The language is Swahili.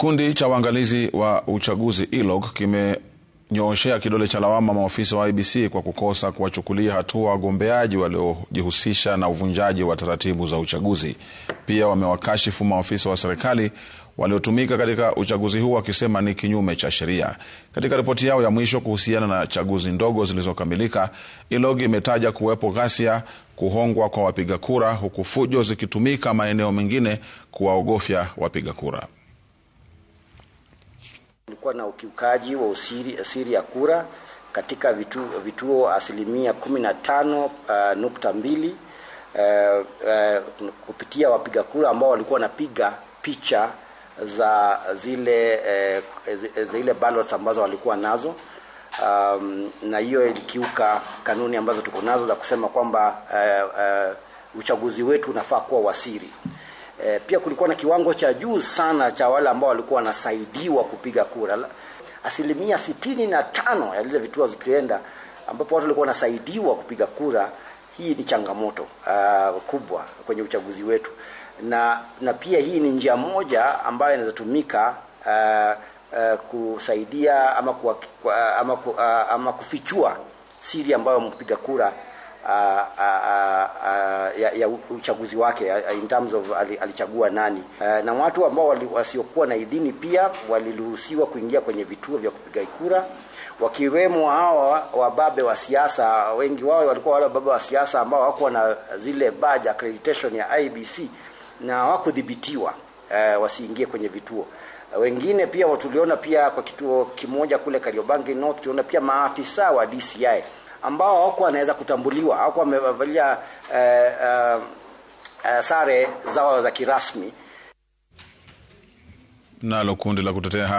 Kikundi cha waangalizi wa uchaguzi ILOG kimenyooshea kidole cha lawama maofisa wa IEBC kwa kukosa kuwachukulia hatua wagombeaji waliojihusisha na uvunjaji wa taratibu za uchaguzi. Pia wamewakashifu maofisa wa serikali waliotumika katika uchaguzi huu wakisema ni kinyume cha sheria. Katika ripoti yao ya mwisho kuhusiana na chaguzi ndogo zilizokamilika, ILOG imetaja kuwepo ghasia, kuhongwa kwa wapiga kura, huku fujo zikitumika maeneo mengine kuwaogofya wapiga kura kulikuwa na ukiukaji wa usiri, asiri ya kura katika vitu, vituo asilimia kumi na tano uh, nukta mbili uh, uh, kupitia wapiga kura ambao walikuwa wanapiga picha za zile uh, zile ballots ambazo walikuwa nazo um, na hiyo ilikiuka kanuni ambazo tuko nazo za kusema kwamba uh, uh, uchaguzi wetu unafaa kuwa wasiri e, pia kulikuwa na kiwango cha juu sana cha wale ambao walikuwa wanasaidiwa kupiga kura asilimia sitini na tano ya zile vituo zilienda ambapo watu walikuwa wanasaidiwa kupiga kura hii ni changamoto uh, kubwa kwenye uchaguzi wetu na na pia hii ni njia moja ambayo inazotumika uh, ah, uh, ah, kusaidia ama kuwa, ama, ku, uh, ama kufichua siri ambayo mpiga kura uh, uh, ya, ya uchaguzi wake in terms of alichagua nani. Eh, na watu ambao wasiokuwa na idhini pia waliruhusiwa kuingia kwenye vituo vya kupiga kura wakiwemo hawa wababe wa siasa. Wengi wao walikuwa wale wababe wa siasa ambao wako na zile badge accreditation ya IBC na hawakudhibitiwa uh, wasiingie kwenye vituo wengine pia tuliona pia kwa kituo kimoja kule Kariobangi North, tuliona pia maafisa wa DCI ambao hawakuwa wanaweza kutambuliwa, hawakuwa wamevalia eh, eh, eh, sare zao za kirasmi. Nalo kundi la kutetea haki